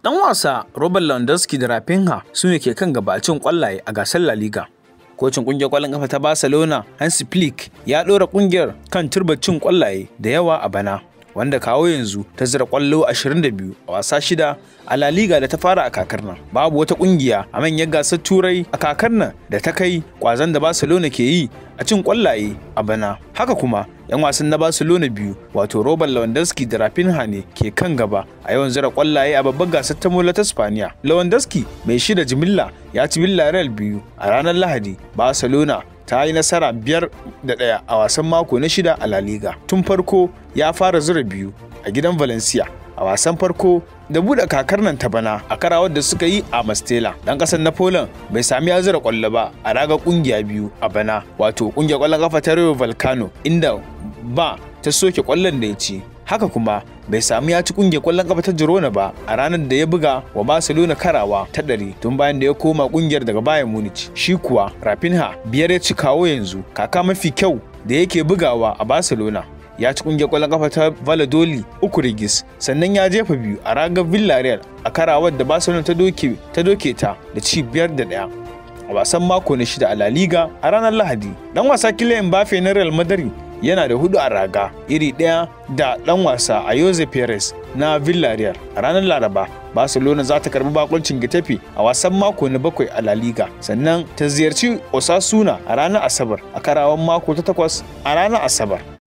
Dan wasa Robert Lewandowski da Rafinha su ne ke kan gabacin kwallaye a gasar La Liga. Kocin kungiyar kwallon kafa ta Barcelona, Hansi Flick, ya ɗora kungiyar kan turba cin kwallaye da yawa a bana, wanda kawo yanzu ta zira kwallo 22 a wasa shida a La Liga da ta fara a kakar nan. Babu wata kungiya a manyan gasar Turai a kakar nan da ta kai kwazon da Barcelona ke yi a cin kwallaye a bana. Haka kuma 'yan wasan na barcelona biyu wato robert lewandowski da rafinha ne ke kan gaba a yawan zira kwallaye a babbar gasar ta mola ta spaniya lewandowski mai shida jimilla ya ci villarreal biyu a ranar lahadi barcelona ta yi nasara biyar da ɗaya a wasan mako na shida a la liga tun farko ya fara zira biyu a gidan valencia a wasan farko da buɗe kakar nan ta bana a karawar da suka yi a Mastela. Dan ƙasar na Poland bai sami ya zura ƙwallo ba a raga ƙungiya biyu a bana wato ƙungiyar ƙwallon ƙafa ta Rayo Volcano inda ba ta soke kwallon da ya ci haka kuma bai samu ya ci kungiyar kwallon kafa ta Girona ba a ranar da ya buga wa Barcelona karawa ta ɗari tun bayan da ya koma kungiyar daga Bayern Munich shi kuwa Rafinha biyar ya ci kawo yanzu kaka mafi kyau da yake bugawa a Barcelona ya ci kungiyar kwallon kafa ta Valladolid uku rigis sannan ya jefa biyu a ragar Villarreal a karawar da Barcelona ta doke ta doke ta da ci biyar da ɗaya a wasan mako na shida a La Liga a ranar Lahadi dan wasa Kylian Mbappe na Real Madrid yana da hudu a raga iri daya da dan wasa a Jose Perez na Villarreal a ranar Laraba. Barcelona za ta karbi bakuncin Getafe a wasan mako na bakwai a La Liga sannan ta ziyarci Osasuna a ranar Asabar a karawan mako ta takwas a ranar Asabar.